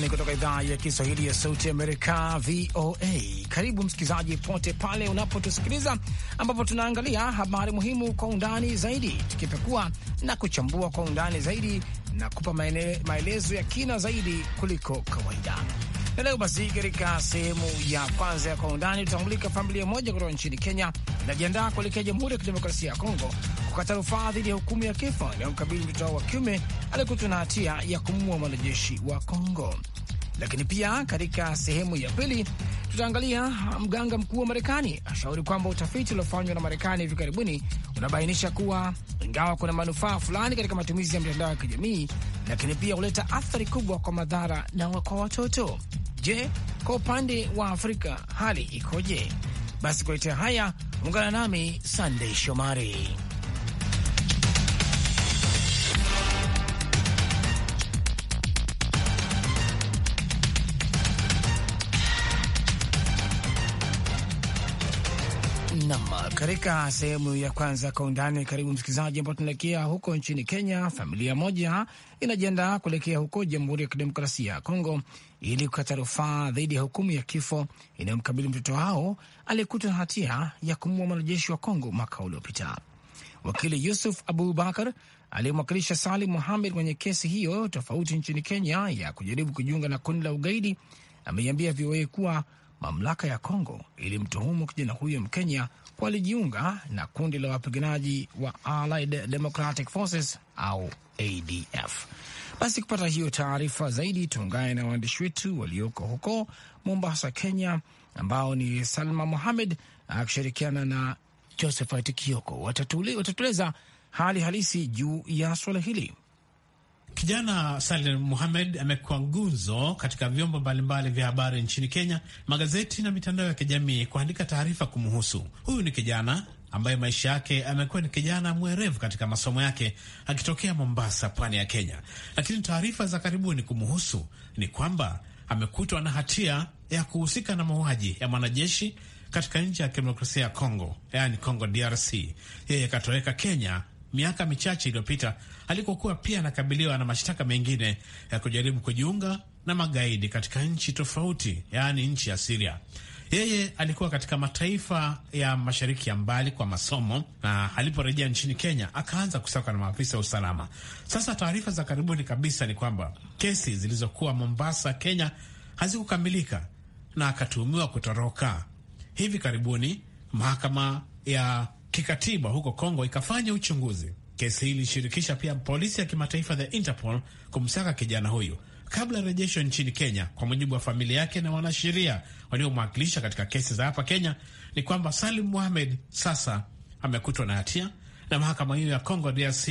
Undani kutoka idhaa ya Kiswahili ya Sauti Amerika, VOA. Karibu msikilizaji, pote pale unapotusikiliza, ambapo tunaangalia habari muhimu kwa undani zaidi, tukipekua na kuchambua kwa undani zaidi na kupa maelezo ya kina zaidi kuliko kawaida. Na leo basi, katika sehemu ya kwanza ya kwa undani, tutamulika familia moja kutoka nchini Kenya inajiandaa kuelekea Jamhuri ya Kidemokrasia ya Kongo kukata rufaa dhidi ya hukumu ya kifo inayomkabili mtoto wao wa kiume aliyekutwa na hatia ya kumuua mwanajeshi wa Kongo. Lakini pia katika sehemu ya pili tutaangalia mganga mkuu wa Marekani ashauri kwamba utafiti uliofanywa na Marekani hivi karibuni unabainisha kuwa ingawa kuna manufaa fulani katika matumizi ya mitandao ya kijamii, lakini pia huleta athari kubwa kwa madhara na kwa watoto. Je, kwa upande wa Afrika hali ikoje? Basi kuletea haya, ungana nami Sandei Shomari. Nam, katika sehemu ya kwanza kwa undani, karibu msikilizaji, ambao tunaelekea huko nchini Kenya. Familia moja inajiandaa kuelekea huko Jamhuri ya Kidemokrasia ya Kongo ili kukata rufaa dhidi ya hukumu ya kifo inayomkabili mtoto wao aliyekutwa na hatia ya kumua mwanajeshi wa Kongo mwaka uliopita. Wakili Yusuf Abubakar aliyemwakilisha Salim muhamed kwenye kesi hiyo tofauti nchini Kenya ya kujaribu kujiunga na kundi la ugaidi ameiambia VOA kuwa mamlaka ya Kongo ilimtuhumu kijana huyo Mkenya kwa alijiunga na kundi la wapiganaji wa Allied Democratic Forces au ADF. Basi kupata hiyo taarifa zaidi, tuungane na waandishi wetu walioko huko Mombasa, Kenya, ambao ni Salma Muhamed akishirikiana na Josephat Kioko. Watatuleza hali halisi juu ya swala hili. Kijana Salim Muhamed amekuwa nguzo katika vyombo mbalimbali vya habari nchini Kenya, magazeti na mitandao ya kijamii kuandika taarifa kumuhusu Huyu ni kijana ambaye maisha yake amekuwa ni kijana mwerevu katika masomo yake akitokea Mombasa, pwani ya Kenya. Lakini taarifa za karibuni kumuhusu ni kwamba amekutwa na hatia ya kuhusika na mauaji ya mwanajeshi katika nchi ya kidemokrasia ya Kongo, yaani Congo DRC. Yeye akatoweka Kenya miaka michache iliyopita alikokuwa pia anakabiliwa na mashtaka mengine ya kujaribu kujiunga na magaidi katika nchi tofauti, yaani nchi ya Siria. Yeye alikuwa katika mataifa ya mashariki ya mbali kwa masomo, na aliporejea nchini Kenya akaanza kusakwa na maafisa wa usalama. Sasa taarifa za karibuni kabisa ni kwamba kesi zilizokuwa Mombasa, Kenya hazikukamilika na akatuhumiwa kutoroka. Hivi karibuni mahakama ya kikatiba huko Kongo ikafanya uchunguzi. Kesi hii ilishirikisha pia polisi ya kimataifa the Interpol kumsaka kijana huyu kabla rejesho nchini Kenya. Kwa mujibu wa familia yake na wanasheria waliomwakilisha katika kesi za hapa Kenya, ni kwamba Salim Mohamed sasa amekutwa na hatia na mahakama hiyo ya Congo DRC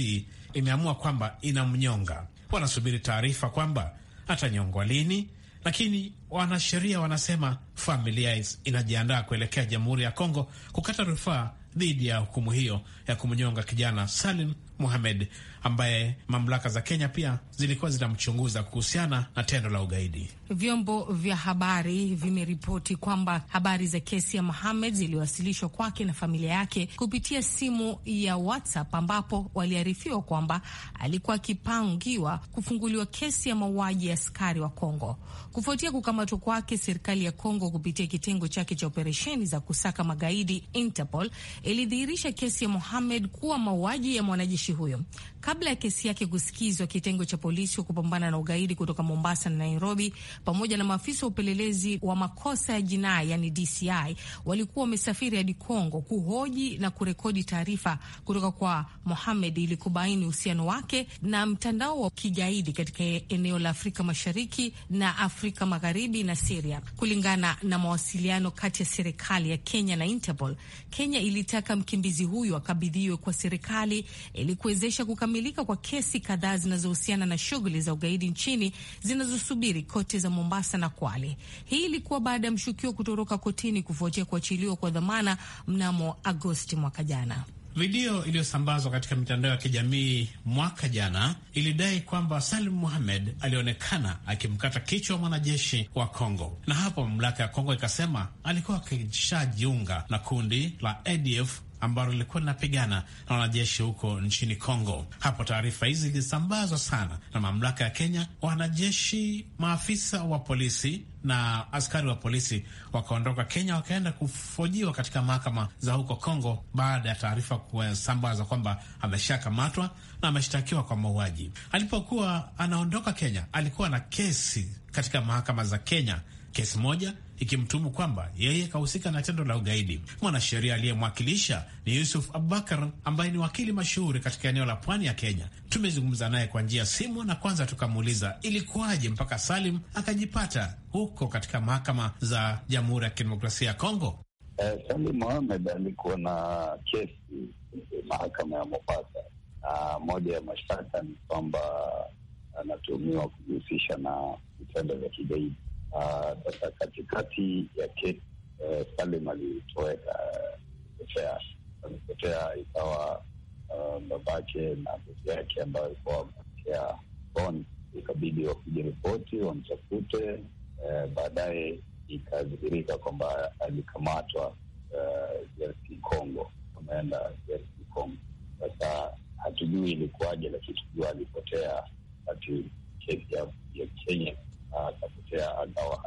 imeamua kwamba inamnyonga. Wanasubiri taarifa kwamba atanyongwa lini, lakini wanasheria wanasema familia inajiandaa kuelekea Jamhuri ya Kongo kukata rufaa dhidi ya hukumu hiyo ya kumnyonga kijana Salim Mohamed ambaye mamlaka za Kenya pia zilikuwa zinamchunguza kuhusiana na tendo la ugaidi. Vyombo vya habari vimeripoti kwamba habari za kesi ya Mohamed ziliwasilishwa kwake na familia yake kupitia simu ya WhatsApp, ambapo waliarifiwa kwamba alikuwa akipangiwa kufunguliwa kesi ya mauaji ya askari wa Kongo. Kufuatia kukamatwa kwake, serikali ya Kongo kupitia kitengo chake cha operesheni za kusaka magaidi Interpol ilidhihirisha kesi ya Mohamed kuwa mauaji ya mwanajeshi mwananchi huyo. Kabla ya kesi yake kusikizwa, kitengo cha polisi wa kupambana na ugaidi kutoka Mombasa na Nairobi pamoja na maafisa wa upelelezi wa makosa ya jinai yani DCI walikuwa wamesafiri hadi Kongo kuhoji na kurekodi taarifa kutoka kwa Mohamed ili kubaini uhusiano wake na mtandao wa kigaidi katika eneo la Afrika Mashariki na Afrika Magharibi na Siria. Kulingana na mawasiliano kati ya serikali ya Kenya na Interpol, Kenya ilitaka mkimbizi huyo akabidhiwe kwa serikali ili kuwezesha kukamilika kwa kesi kadhaa zinazohusiana na shughuli za ugaidi nchini zinazosubiri kote za Mombasa na Kwale. Hii ilikuwa baada ya mshukiwa kutoroka kotini kufuatia kuachiliwa kwa dhamana mnamo Agosti mwaka jana. Video iliyosambazwa katika mitandao ya kijamii mwaka jana ilidai kwamba Salim muhamed alionekana akimkata kichwa mwanajeshi wa Kongo, na hapo mamlaka ya Kongo ikasema alikuwa akishajiunga na kundi la ADF ambalo lilikuwa linapigana na wanajeshi huko nchini Kongo. Hapo taarifa hizi zilisambazwa sana na mamlaka ya Kenya. Wanajeshi, maafisa wa polisi na askari wa polisi wakaondoka Kenya wakaenda kufojiwa katika mahakama za huko Kongo baada ya taarifa kusambazwa kwamba ameshakamatwa na ameshtakiwa kwa mauaji. Alipokuwa anaondoka Kenya, alikuwa na kesi katika mahakama za Kenya kesi moja ikimtumu kwamba yeye kahusika na tendo la ugaidi. Mwanasheria aliyemwakilisha ni Yusuf Abubakar ambaye ni wakili mashuhuri katika eneo la pwani ya Kenya. Tumezungumza naye kwa njia ya simu na kwanza tukamuuliza ilikuwaje mpaka Salim akajipata huko katika mahakama za Jamhuri ya Kidemokrasia ya Kongo. Eh, Salim Mohamed alikuwa na kesi mahakama ya Mombasa na moja ya mashtaka ni kwamba anatumiwa kujihusisha na vitendo vya kigaidi Ah, sasa katikati ya kesi eh, Salim alitoweka, alipotea, eh, alipotea ikawa uh, babake na ndugu yake ambayo alikuwa wamepokea Bonn, ikabidi wapige ripoti wamtafute. Eh, baadaye ikadhihirika kwamba alikamatwa DRC uh, eh, Congo, ameenda DRC Congo. Sasa hatujui ilikuwaje, lakini tujua alipotea kati kesi ya Kenya akapotea, akawa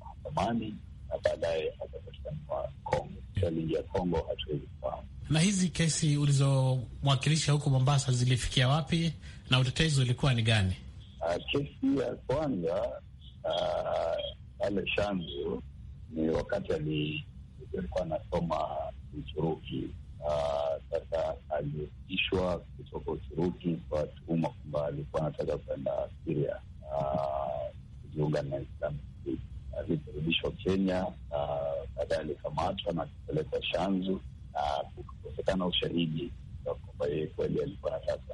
mahakamani na baadaye akapatikana Kongo. Challenge ya Kongo hatuwezi kufahamu. Na hizi kesi ulizomwakilisha huko Mombasa zilifikia wapi na utetezi ulikuwa ni gani? Uh, kesi ya kwanza ah, pale uh, Shangu ni wakati alikuwa anasoma Uturuki. Uh, sasa aliishwa kutoka Uturuki kwa tuhuma kwamba alikuwa anataka kwenda Siria Sudan Alivyorudishwa Kenya na baadaye alikamatwa na akipelekwa Shanzu na kukosekana ushahidi kwamba yeye kweli alikuwa anataka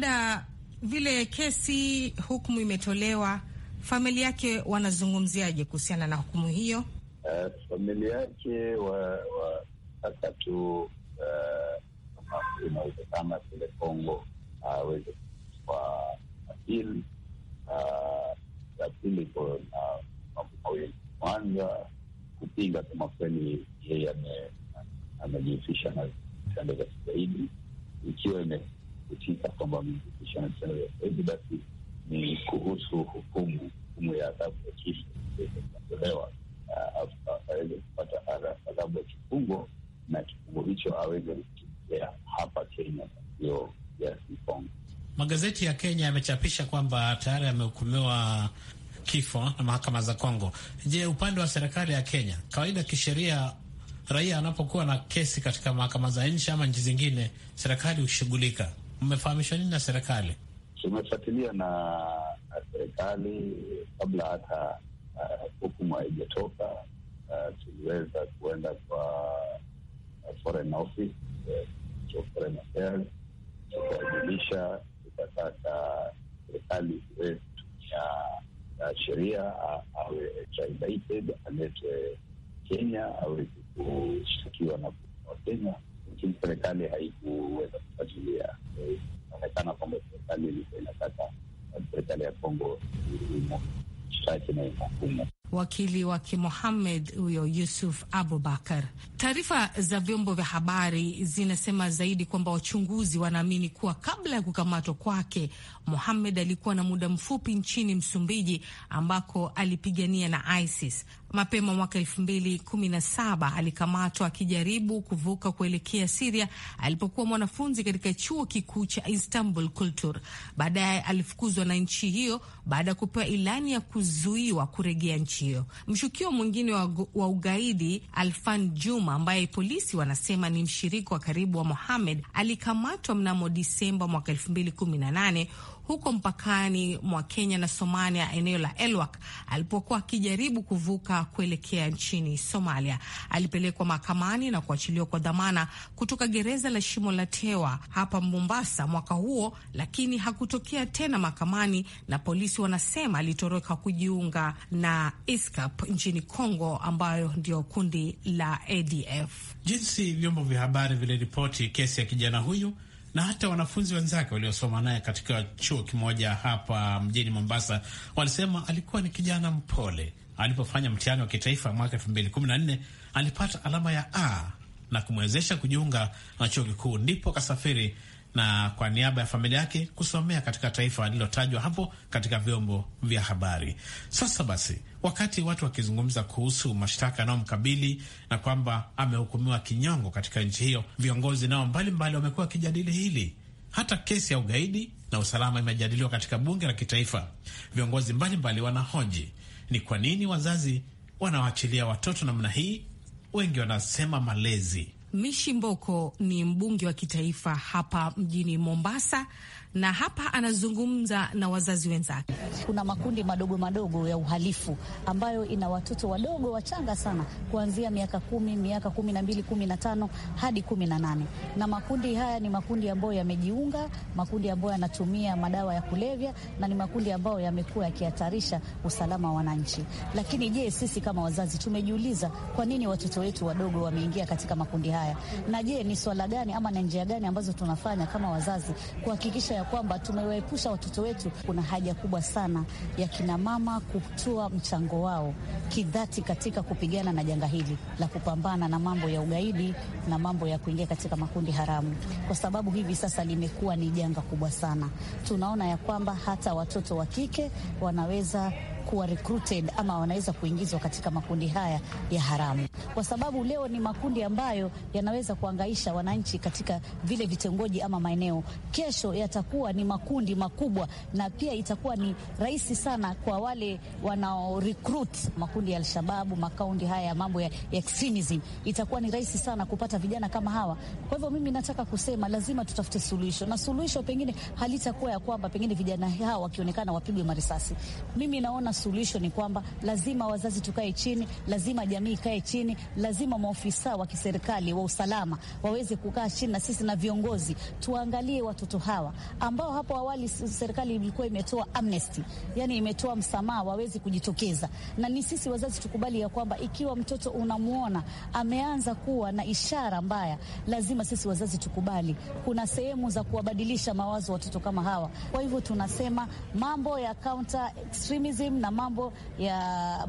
labda vile kesi hukumu imetolewa, familia yake wanazungumziaje kuhusiana na hukumu hiyo? Uh, familia yake wataka tu uh, eh, inawezekana Kongo aweze uh, kwa apili uh, eh, ya pili iko na mambo mawili. Kwanza kupinga kama kweli yeye amejihusisha na vitendo vya kigaidi, ikiwa kutika kwamba amehusishana ya zaidi, basi ni kuhusu hukumu, hukumu ya adhabu ya kifo atolewa, ah, aweze kupata adhabu ya kifungo na kifungo hicho aweze kukimbilia hapa Kenya, sio DRC Congo. Magazeti ya Kenya yamechapisha kwamba tayari amehukumiwa kifo na mahakama za Kongo. Je, upande wa serikali ya Kenya, kawaida kisheria, raia anapokuwa na kesi katika mahakama za nchi ama nchi zingine, serikali hushughulika Mmefahamisha nini na serikali? Tumefuatilia na serikali kabla hata uh, hukumu uh, haijatoka. Uh, tuliweza kuenda kwa foreign office uh, foreign affairs tukawajulisha, tukataka serikali iweze kutumia uh, sheria uh, awe extradited aletwe Kenya aweze kushtakiwa na kenya lakini serikali haikuweza kufuatilia. Eh, inaonekana kwamba serikali ilikuwa inataka serikali ya Kongo imshtaki na imhukumu wakili wake Mohamed huyo Yusuf Abubakar. Taarifa za vyombo vya habari zinasema zaidi kwamba wachunguzi wanaamini kuwa kabla ya kukamatwa kwake, Mohamed alikuwa na muda mfupi nchini Msumbiji ambako alipigania na ISIS Mapema mwaka saba alikamatwa akijaribu kuvuka kuelekea Siria alipokuwa mwanafunzi katika chuo kikuu cha Istanbul Kultur. Baadaye alifukuzwa na nchi hiyo baada ya kupewa ilani ya kuzuiwa kuregea nchi hiyo. Mshukiwa mwingine wa, wa ugaidi Alfan Juma ambaye polisi wanasema ni mshirika wa karibu wa Mohamed alikamatwa mnamo Disemba mwaka nane huko mpakani mwa Kenya na Somalia, eneo la Elwak, alipokuwa akijaribu kuvuka kuelekea nchini Somalia. Alipelekwa mahakamani na kuachiliwa kwa dhamana kutoka gereza la Shimo la Tewa hapa Mombasa mwaka huo, lakini hakutokea tena mahakamani, na polisi wanasema alitoroka kujiunga na ISCAP nchini Kongo, ambayo ndio kundi la ADF. Jinsi vyombo vya habari viliripoti kesi ya kijana huyu na hata wanafunzi wenzake waliosoma naye katika chuo kimoja hapa mjini Mombasa walisema alikuwa ni kijana mpole. Alipofanya mtihani wa kitaifa mwaka nne alipata alama ya A na kumwezesha kujiunga na chuo kikuu, ndipo akasafiri na kwa niaba ya familia yake kusomea katika taifa alilotajwa hapo katika vyombo vya habari. Sasa basi, wakati watu wakizungumza kuhusu mashtaka yanayomkabili na kwamba amehukumiwa kinyongo katika nchi hiyo, viongozi nao mbalimbali wamekuwa wakijadili hili. Hata kesi ya ugaidi na usalama imejadiliwa katika bunge la kitaifa. Viongozi mbalimbali wanahoji ni kwa nini wazazi wanawaachilia watoto namna hii. Wengi wanasema malezi Mishi Mboko ni mbunge wa kitaifa hapa mjini Mombasa na hapa anazungumza na wazazi wenzake. Kuna makundi madogo madogo ya uhalifu ambayo ina watoto wadogo wachanga sana kuanzia miaka kumi, miaka kumi na mbili, kumi na tano hadi kumi na nane na makundi haya ni makundi ambayo yamejiunga, makundi ambayo yanatumia madawa ya kulevya na ni makundi ambayo yamekuwa yakihatarisha usalama wa wananchi. Lakini je, sisi kama wazazi tumejiuliza kwa nini watoto wetu wadogo wameingia katika makundi haya? Na je, ni swala gani ama na njia gani ambazo tunafanya kama wazazi kuhakikisha kwamba tumewaepusha watoto wetu. Kuna haja kubwa sana ya kinamama kutoa mchango wao kidhati katika kupigana na janga hili la kupambana na mambo ya ugaidi na mambo ya kuingia katika makundi haramu, kwa sababu hivi sasa limekuwa ni janga kubwa sana. Tunaona ya kwamba hata watoto wa kike wanaweza kuwa recruited ama wanaweza kuingizwa katika makundi haya ya haramu, kwa sababu leo ni makundi ambayo yanaweza kuangaisha wananchi katika vile vitongoji ama maeneo. Kesho yatakuwa ni makundi makubwa, na pia itakuwa ni rahisi sana kwa wale wanao recruit makundi ya Alshababu, makaundi haya ya mambo ya extremism, itakuwa ni rahisi sana kupata vijana kama hawa. Kwa hivyo mimi nataka kusema lazima tutafute suluhisho, na suluhisho pengine halitakuwa ya kwamba pengine vijana hawa wakionekana wapigwe marisasi. Mimi naona suluhisho ni kwamba lazima wazazi tukae chini, lazima jamii ikae chini, lazima maofisa wa kiserikali wa usalama waweze kukaa chini na sisi na viongozi tuangalie watoto hawa ambao hapo awali serikali ilikuwa imetoa amnesty, yani imetoa msamaha, waweze kujitokeza. Na ni sisi wazazi tukubali ya kwamba ikiwa mtoto unamwona ameanza kuwa na ishara mbaya, lazima sisi wazazi tukubali kuna sehemu za kuwabadilisha mawazo watoto kama hawa. Kwa hivyo tunasema mambo ya counter extremism na na mambo ya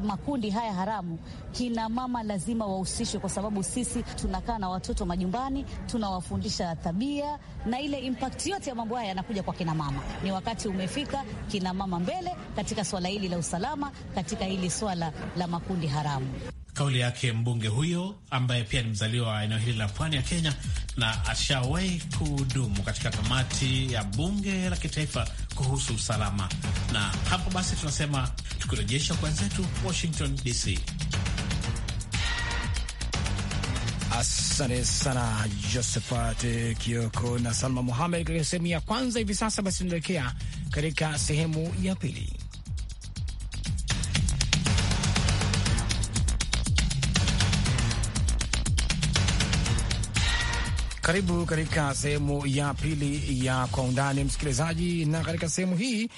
makundi haya haramu, kina mama lazima wahusishwe, kwa sababu sisi tunakaa na watoto majumbani, tunawafundisha tabia na ile impact yote ya mambo haya yanakuja kwa kina mama. Ni wakati umefika, kina mama mbele katika swala hili la usalama, katika hili swala la makundi haramu. Kauli yake mbunge huyo ambaye pia ni mzaliwa wa eneo hili la pwani ya Kenya na ashawahi kuhudumu katika kamati ya bunge la kitaifa kuhusu usalama. Na hapo basi tunasema tukirejesha kwenzetu Washington DC. Asante sana Josephat Kioko na Salma Muhamed katika sehemu ya kwanza. Hivi sasa basi, tunaelekea katika sehemu ya pili. Karibu katika sehemu ya pili ya Kwa Undani, msikilizaji, na katika sehemu hii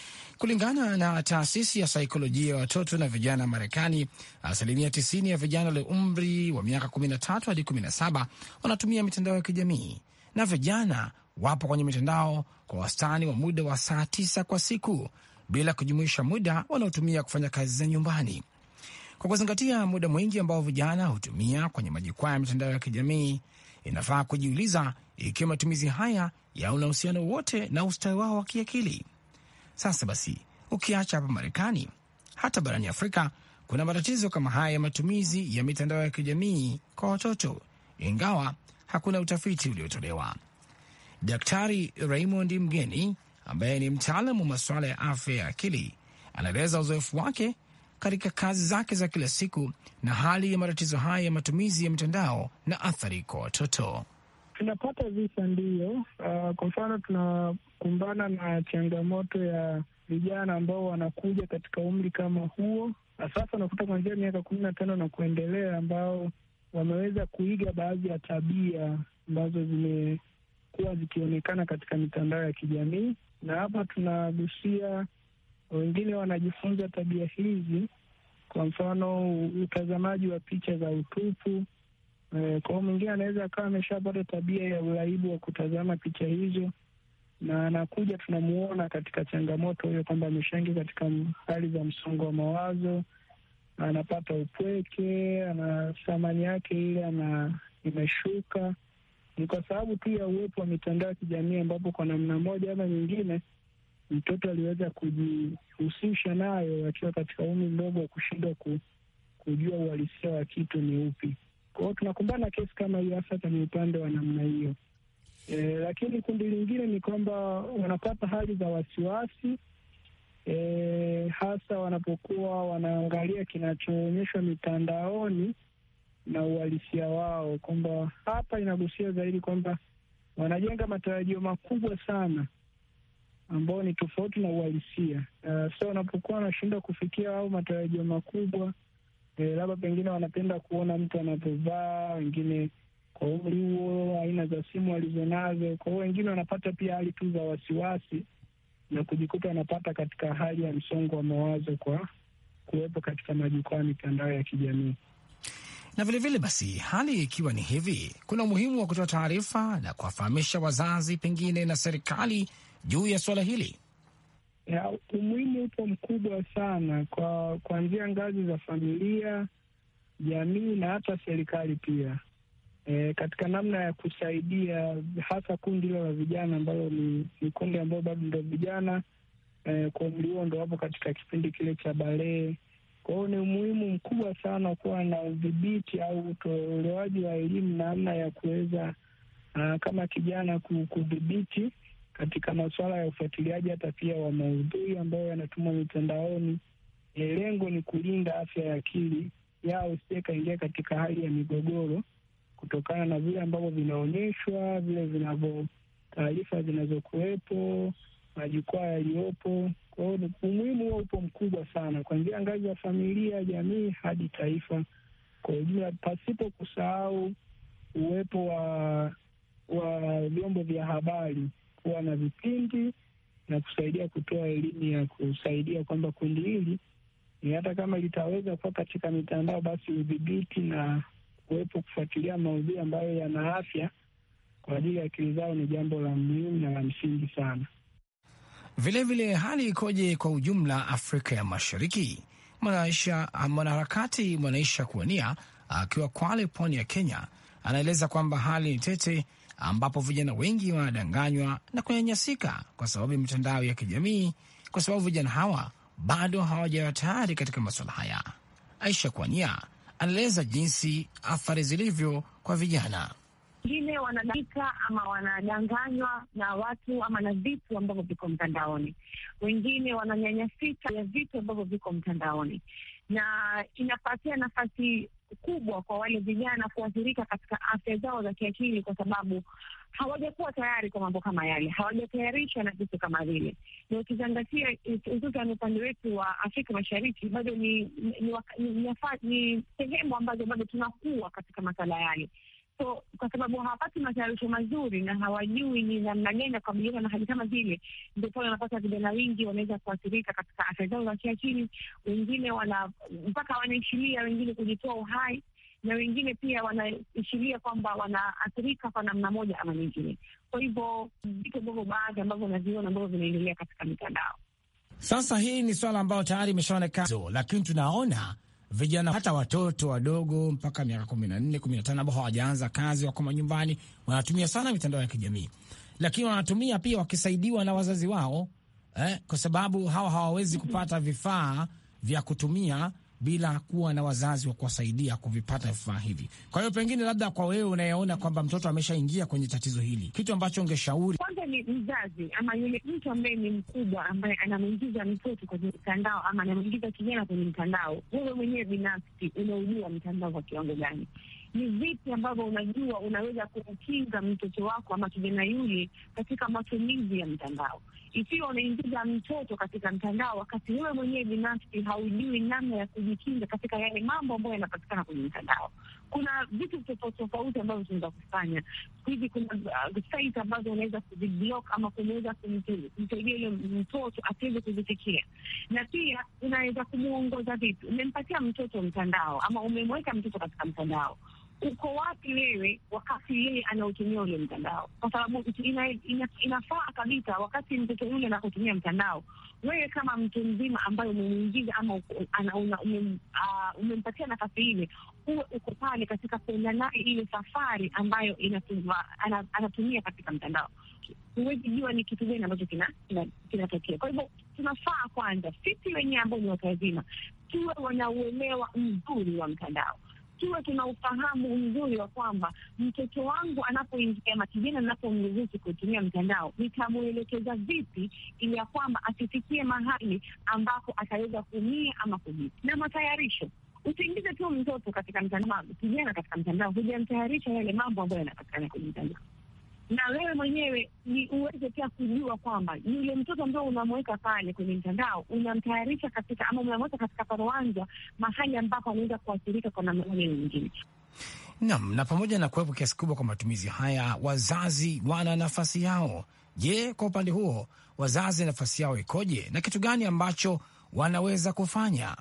Kulingana na taasisi ya saikolojia ya watoto na vijana Marekani, asilimia 90 ya vijana walio umri wa miaka 13 hadi 17 wanatumia mitandao ya kijamii, na vijana wapo kwenye mitandao kwa wastani wa muda wa saa tisa kwa siku, bila kujumuisha muda wanaotumia kufanya kazi za nyumbani. Kwa kuzingatia muda mwingi ambao vijana hutumia kwenye majukwaa ya mitandao ya kijamii, inafaa kujiuliza ikiwa matumizi haya yana uhusiano wote na ustawi wao wa kiakili. Sasa basi, ukiacha hapa Marekani, hata barani Afrika kuna matatizo kama haya ya matumizi ya mitandao ya kijamii kwa watoto, ingawa hakuna utafiti uliotolewa. Daktari Raymond Mgeni ambaye ni mtaalamu wa masuala ya afya ya akili anaeleza uzoefu wake katika kazi zake za kila siku na hali ya matatizo haya ya matumizi ya mitandao na athari kwa watoto tunapata visa ndiyo. Uh, ah, kwa mfano tunakumbana na changamoto ya vijana ambao wanakuja katika umri kama huo, na sasa unakuta kuanzia miaka kumi na tano na kuendelea, ambao wameweza kuiga baadhi ya tabia ambazo zimekuwa zikionekana katika mitandao ya kijamii, na hapa tunagusia wengine wanajifunza tabia hizi, kwa mfano utazamaji wa picha za utupu E, kwa mwingine anaweza akawa ameshapata tabia ya uraibu wa kutazama picha hizo, na anakuja tunamuona katika changamoto hiyo kwamba ameshaingia katika hali za msongo wa mawazo, anapata upweke, ana thamani yake ile ana imeshuka. Ni kwa sababu tu ya uwepo wa mitandao ya kijamii, ambapo kwa namna moja ama nyingine mtoto aliweza kujihusisha nayo akiwa katika umri mdogo wa kushindwa ku, kujua uhalisia wa kitu ni upi. Kwa hiyo tunakumbana kesi kama hiyo hasa kwenye upande wa namna hiyo. E, lakini kundi lingine ni kwamba wanapata hali za wasiwasi e, hasa wanapokuwa wanaangalia kinachoonyeshwa mitandaoni na uhalisia wao, kwamba hapa inagusia zaidi kwamba wanajenga matarajio makubwa sana ambayo ni tofauti na uhalisia. Uh, so wanapokuwa wanashindwa kufikia au matarajio makubwa Eh, labda pengine wanapenda kuona mtu anapovaa, wengine kwa umri huo, aina za simu walizonazo. Kwa hiyo wengine wanapata pia hali tu za wasiwasi na kujikuta wanapata katika hali ya msongo wa mawazo kwa kuwepo katika majukwaa ya mitandao ya kijamii. Na vilevile vile basi, hali ikiwa ni hivi, kuna umuhimu wa kutoa taarifa na kuwafahamisha wazazi pengine na serikali juu ya suala hili ya, umuhimu upo mkubwa sana kwa kuanzia ngazi za familia, jamii na hata serikali pia e, katika namna ya kusaidia hasa kundi hilo la vijana ambalo ni, ni kundi ambao bado ndo vijana e, kwa umri huo ndo wapo katika kipindi kile cha balee. Kwa hiyo ni umuhimu mkubwa sana kuwa na udhibiti au utolewaji wa elimu namna ya kuweza kama kijana kudhibiti katika masuala ya ufuatiliaji hata pia wa maudhui ambayo yanatumwa mitandaoni. e Lengo ni kulinda afya ya akili yao, usije kaingia katika hali ya migogoro kutokana na vile ambavyo vinaonyeshwa, vile vinavyo taarifa zinazokuwepo, majukwaa yaliyopo. Kwa hiyo umuhimu huo upo mkubwa sana, kuanzia ngazi ya familia, jamii hadi taifa kwa ujumla, pasipo kusahau uwepo wa wa vyombo vya habari kuwa na vipindi na kusaidia kutoa elimu ya kusaidia kwamba kundi hili ni hata kama litaweza kuwa katika mitandao, basi udhibiti na kuwepo kufuatilia maudhui ambayo yana afya kwa ajili ya akili zao ni jambo la muhimu na la msingi sana. Vilevile vile, hali ikoje kwa ujumla Afrika ya Mashariki? Mwanaisha mwanaharakati Mwanaisha Kuania akiwa Kwale, pwani ya Kenya, anaeleza kwamba hali ni tete ambapo vijana wengi wanadanganywa na kunyanyasika kwa sababu ya mitandao ya kijamii, kwa sababu vijana hawa bado hawajawa tayari katika masuala haya. Aisha Kwania anaeleza jinsi athari zilivyo kwa vijana. Wengine wanadanganyika ama wanadanganywa na watu ama na vitu ambavyo viko mtandaoni. Wengine wananyanyasika ya vitu ambavyo viko mtandaoni, na inapatia nafasi kubwa kwa wale vijana kuathirika katika afya zao za kiakili, kwa sababu hawajakuwa tayari kwa mambo kama yale, hawajatayarishwa na vitu kama vile. Na ukizingatia hususan upande wetu wa Afrika Mashariki, bado ni sehemu ambazo bado tunakuwa katika masala yale. So kwa sababu hawapati matayarisho mazuri na hawajui ni namna gani ya kukabiliana na hali kama zile, ndio pale wanapata vijana wengi wanaweza kuathirika katika afya zao za kiakili. Wengine wana mpaka wanaishilia wengine kujitoa uhai, na wengine pia wanaishilia kwamba wanaathirika kwa namna moja ama nyingine. Kwa hivyo vitu ambavyo baadhi ambavyo wanaviona ambavyo vinaendelea katika mitandao. Sasa hii ni swala ambayo tayari imeshaonekana, lakini tunaona vijana hata watoto wadogo mpaka miaka kumi na nne kumi na tano ambao hawajaanza kazi, wako manyumbani, wanatumia sana mitandao ya kijamii, lakini wanatumia pia wakisaidiwa na wazazi wao eh, kwa sababu hawa hawawezi kupata vifaa vya kutumia bila kuwa na wazazi wa kuwasaidia kuvipata vifaa hivi. Kwa hiyo pengine, labda kwa wewe unayeona kwamba mtoto ameshaingia kwenye tatizo hili, kitu ambacho ungeshauri kwanza ni mzazi ama yule mtu ambaye ni mkubwa ambaye anamwingiza mtoto kwenye mtandao ama anamwingiza kijana kwenye mtandao, wewe mwenyewe binafsi unaujua mtandao kwa kiwango gani? Ni vipi ambavyo unajua unaweza kumkinga mtoto wako ama kijana yule katika matumizi ya mtandao? ikiwa unaingiza mtoto katika mtandao wakati wewe mwenyewe binafsi haujui namna ya kujikinga katika yale mambo ambayo yanapatikana kwenye mtandao. Kuna vitu tofauti tofauti ambavyo tunaweza kufanya siku hizi. Kuna uh, site ambazo unaweza kuziblock ama kumweza kumsaidia ile mtoto asiweze kuzifikia, na pia unaweza kumwongoza vipi. Umempatia mtoto mtandao ama umemweka mtoto katika mtandao uko wapi wewe wakati yeye anaotumia ule mtandao? Kwa sababu ina, ina, inafaa kabisa wakati mtoto yule anakutumia mtandao, wewe kama mtu mzima ambaye umemwingiza ama ah, umempatia nafasi ile, huwe uko pale katika kuenda naye ile safari ambayo ana, anatumia katika mtandao. Huwezi jua ni kitu gani ambacho kinatokea kina, kina. Kwa hivyo tunafaa kwanza sisi wenyewe ambao ni watu wazima tuwe wanauelewa mzuri wa mtandao tuwe tuna ufahamu mzuri wa kwamba mtoto wangu anapoingia ama kijana anapomruhusu kutumia mtandao, nitamwelekeza vipi ili ya kwamba asifikie mahali ambapo ataweza kuumia ama kujia na matayarisho Usiingize tu mtoto katika mtandao, kijana katika mtandao, hujamtayarisha yale mambo ambayo yanapatikana kwenye mtandao na wewe mwenyewe ni uweze pia kujua kwamba yule mtoto ambao unamweka pale kwenye mtandao unamtayarisha katika ama unamweka katika paruanja mahali ambapo anaweza kuathirika kwa namna moja nyingine. Naam, na pamoja na kuwepo kiasi kubwa kwa matumizi haya, wazazi wana nafasi yao. Je, kwa upande huo wazazi nafasi yao ikoje na kitu gani ambacho wanaweza kufanya?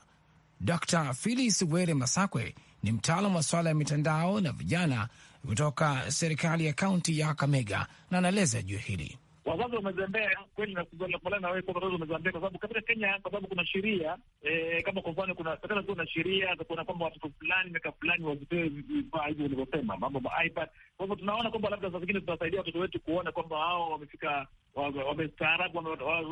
Dr. Phyllis Were Masakwe ni mtaalamu wa swala ya mitandao na vijana kutoka serikali ya kaunti ya Kakamega na anaeleza juu hili. Wazazi wamezembea kweli, nakubaliana na wewe kwamba wazazi wamezembea kwa sababu katika Kenya, kwa sababu kuna sheria eh, kama kwa mfano kuna serikali kuna sheria za kuona kwamba watoto fulani miaka fulani wazipewe vifaa hivyo ulivyosema, mambo ma iPad. Kwa hivyo tunaona kwamba labda saa zingine tunasaidia watoto wetu kuona kwamba hao wamefika wamestaarabu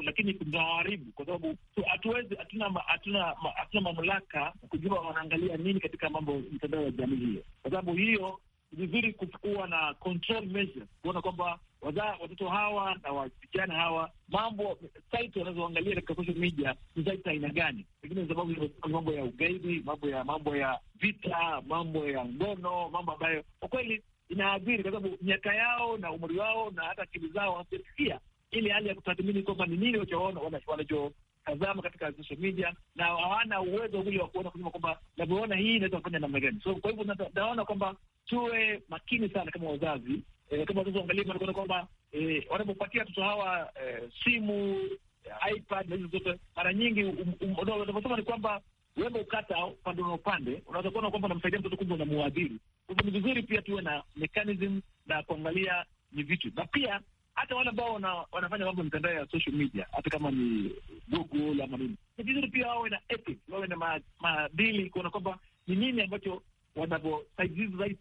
lakini tunawaharibu kwa sababu hatuwezi, hatuna hatuna hatuna mamlaka kujua wanaangalia nini katika mambo mtandao ya jamii hiyo, kwa sababu hiyo ni vizuri kuwa na control kuona kwamba watoto hawa na vijana hawa, mambo site wanazoangalia katika social media ni site aina gani? Pengine sababu mambo ya ugaidi, mambo ya mambo ya vita, mambo ya ngono, mambo ambayo kwa kweli inaadhiri, kwa sababu miaka yao na umri wao na hata akili zao hazijafikia ile hali ya kutathmini kwamba ni nini wanachoona kutazama katika social media, na hawana uwezo ule wa kuona kusema kwamba navyoona hii inaweza kufanya namna gani. So kwa hivyo naona kwamba tuwe makini sana kama wazazi eh, kama wazazi waangalie kuona kwamba eh, wanapopatia watoto hawa eh, simu eh, iPad na hizo zote, mara nyingi um, um, unavyosema ni kwamba wembe ukata upande na upande, unaweza kuona kwamba unamsaidia mtoto kumbe unamuadhiri. Kwa hivyo ni vizuri pia tuwe na mechanism na kuangalia ni vitu na pia hata wale ambao wana, wanafanya mambo mitandao ya social media, hata kama ni Google ama nini, ni vizuri pia wawe na ethics, wawe na maadili, ma, kuona kwamba ni nini ambacho wanavyo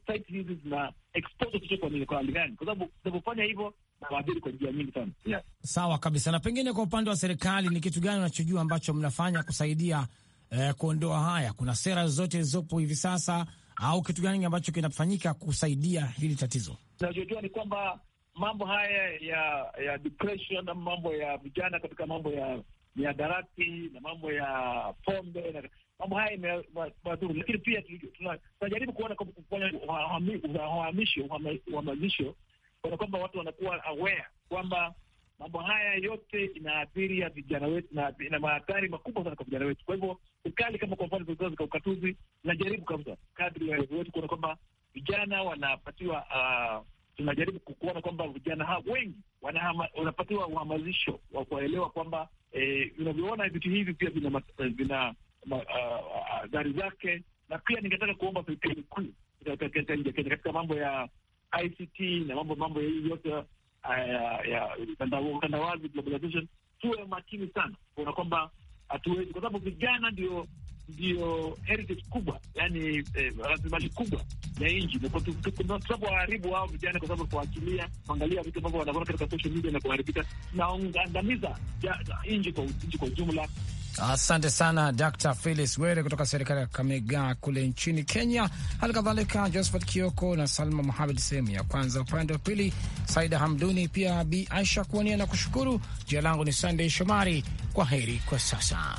site hizi zina expose watoto kwa nini, kwa hali gani, kwa sababu zinapofanya hivyo na kwa njia nyingi sana. Yeah. Sawa kabisa. Na pengine kwa upande wa serikali, ni kitu gani unachojua ambacho mnafanya kusaidia eh, kuondoa haya? Kuna sera zote zilizopo hivi sasa au kitu gani ambacho kinafanyika kusaidia hili tatizo? Nachojua ni kwamba mambo haya ya ya depression na mambo ya vijana katika mambo ya miadarati na mambo ya pombe na mambo haya imewadhuru, lakini pia tunajaribu kuona uhamisho uhamazisho, kana kwamba watu wanakuwa aware kwamba mambo haya yote inaathiri ya vijana wetu na ina mahatari makubwa sana kwa vijana wetu. Kwa hivyo serikali kama kwa mfano vizazi vya ukatuzi najaribu kabisa kadri ya wetu kuona kwamba vijana wanapatiwa uh, tunajaribu kuona kwamba vijana wengi wanapatiwa uhamazisho wa kuwaelewa kwamba e, unavyoona eh, vitu hivi pia vina e, vina athari uh, zake, na pia ningetaka kuomba serikali kuu ya Kenya katika mambo ya ICT na mambo mambo ya hii yote ya utandawazi, globalization, tuwe makini sana kuona kwamba hatuwezi, kwa sababu vijana ndio ndiyo heritage kubwa, yani eh, rasilimali eh, kubwa ya nchi. Tunasabu waharibu hao vijana, kwa sababu kuachilia, kuangalia vitu ambavyo wanaona katika social media na kuharibika, tunaangamiza nchi kwa ujumla. Asante sana Dr Felis Were kutoka serikali ya Kamega kule nchini Kenya, hali kadhalika Josephat Kioko na Salma Muhamed sehemu ya kwanza, upande wa pili Saida Hamduni pia Bi Aisha kuonia na kushukuru. Jina langu ni Sandey Shomari, kwa heri kwa sasa.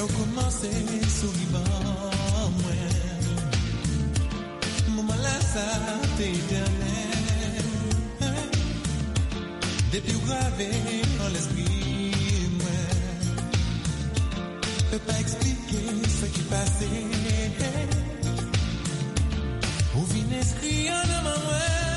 Et au commencé, sourivant, mouais. Mouais, la santé éternelle. Depuis, gravé, dans l'esprit, mouais. Peux pas expliquer ce qui passait. Au vin, escriant, de ma mouais.